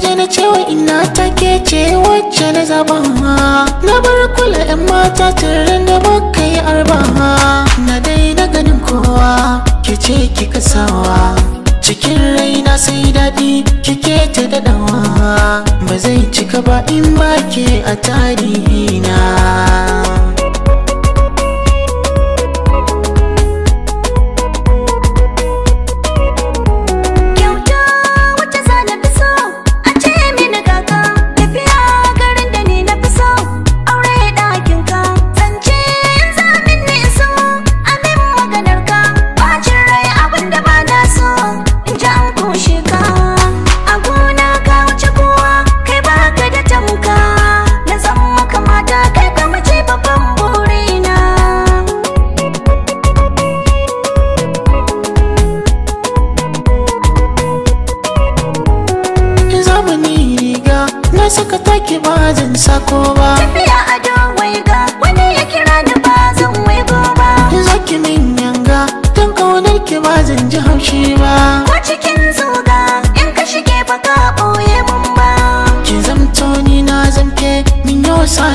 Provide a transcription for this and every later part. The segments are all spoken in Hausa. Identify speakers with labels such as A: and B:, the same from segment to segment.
A: je na cewa ina ta ke ce wacce na zaba na bar kula yan mata tare da baka yi arba na dai na ganin kowa ke ce ki kasawa cikin raina sai daɗi kike ta daɗawa ba zai cika ba in ba ke a tarihi na ka take ba zan sako ba tafiya a don waiga wani ya kira ni ba zan waigo ba zaki min yanga don kaunar ki ba zan ji haushi ba ko cikin zuga in ka shige ba ka boye mun ba ki zamto ni na zamke min yiwa sa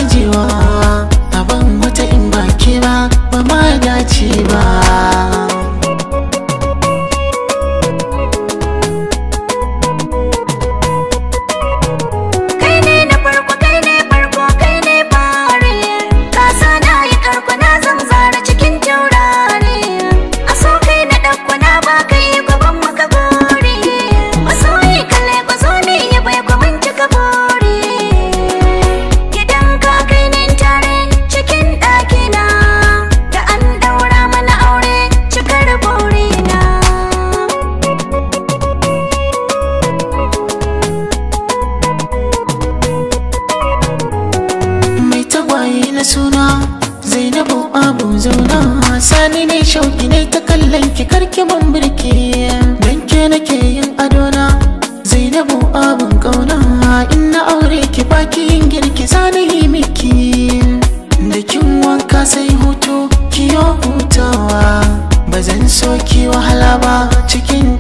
A: sunaye na suna zainabu abu zauna sani ne shauki ne ta kallon ki karki man birki don ke nake yin adona zainabu abun kauna in na aure ki baki yin girki sani miki da kin wanka sai hutu kiyo hutawa bazan so ki wahala ba cikin